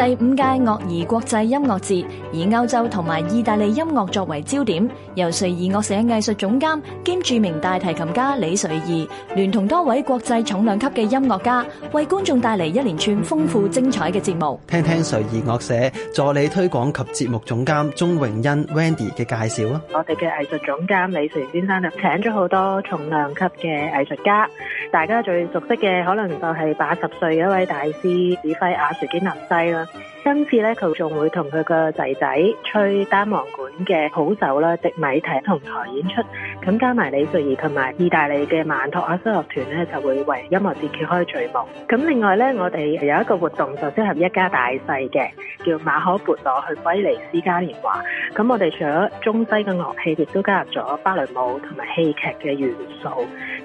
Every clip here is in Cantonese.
第五屆樂兒國際音樂節以歐洲同埋意大利音樂作為焦點，由瑞怡樂社藝術總監兼著名大提琴家李瑞怡，聯同多位國際重量級嘅音樂家，為觀眾帶嚟一連串豐富精彩嘅節目。聽聽瑞怡樂社助理推廣及節目總監鍾榮欣 Wendy 嘅介紹啦。我哋嘅藝術總監李瑞怡先生就請咗好多重量級嘅藝術家，大家最熟悉嘅可能就係八十歲嘅一位大師指揮阿殊堅納西啦。今次咧，佢仲會同佢個仔仔吹單簧管。嘅好酒啦，迪米提同台演出，咁加埋李瑞儀同埋意大利嘅曼托阿修樂團咧，就會為音樂節揭開序幕。咁另外咧，我哋有一個活動就適合一家大細嘅，叫馬可勃羅去威尼斯嘉年華。咁我哋除咗中西嘅樂器，亦都加入咗芭蕾舞同埋戲劇嘅元素。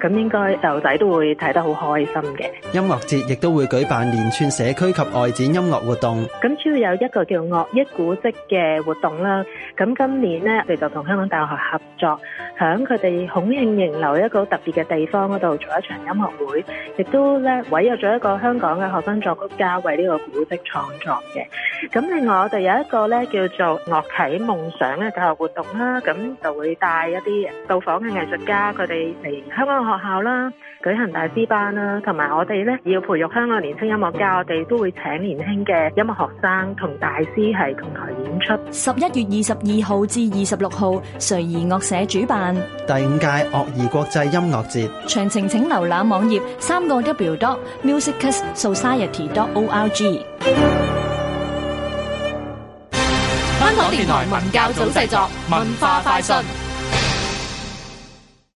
咁應該細路仔都會睇得好開心嘅。音樂節亦都會舉辦連串社區及外展音樂活動。咁主要有一個叫《樂憶古蹟》嘅活動啦。咁今年咧，我哋就同香港大學合作，喺佢哋孔慶熒樓一個特別嘅地方嗰度做一場音樂會，亦都咧委約咗一個香港嘅學生作曲家為呢個古跡創作嘅。咁另外我哋有一個咧叫做樂啟夢想嘅教學活動啦，咁就會帶一啲到訪嘅藝術家，佢哋嚟香港學校啦，舉行大師班啦，同埋我哋咧要培育香港年輕音樂家，我哋都會請年輕嘅音樂學生同大師係同台演出。十一月二十二號至二十六號，瑞儀樂社主辦第五屆樂儀國際音樂節，詳情請瀏覽網頁：三個 w dot musicus society dot org。香港電台文教組製作，文化快訊。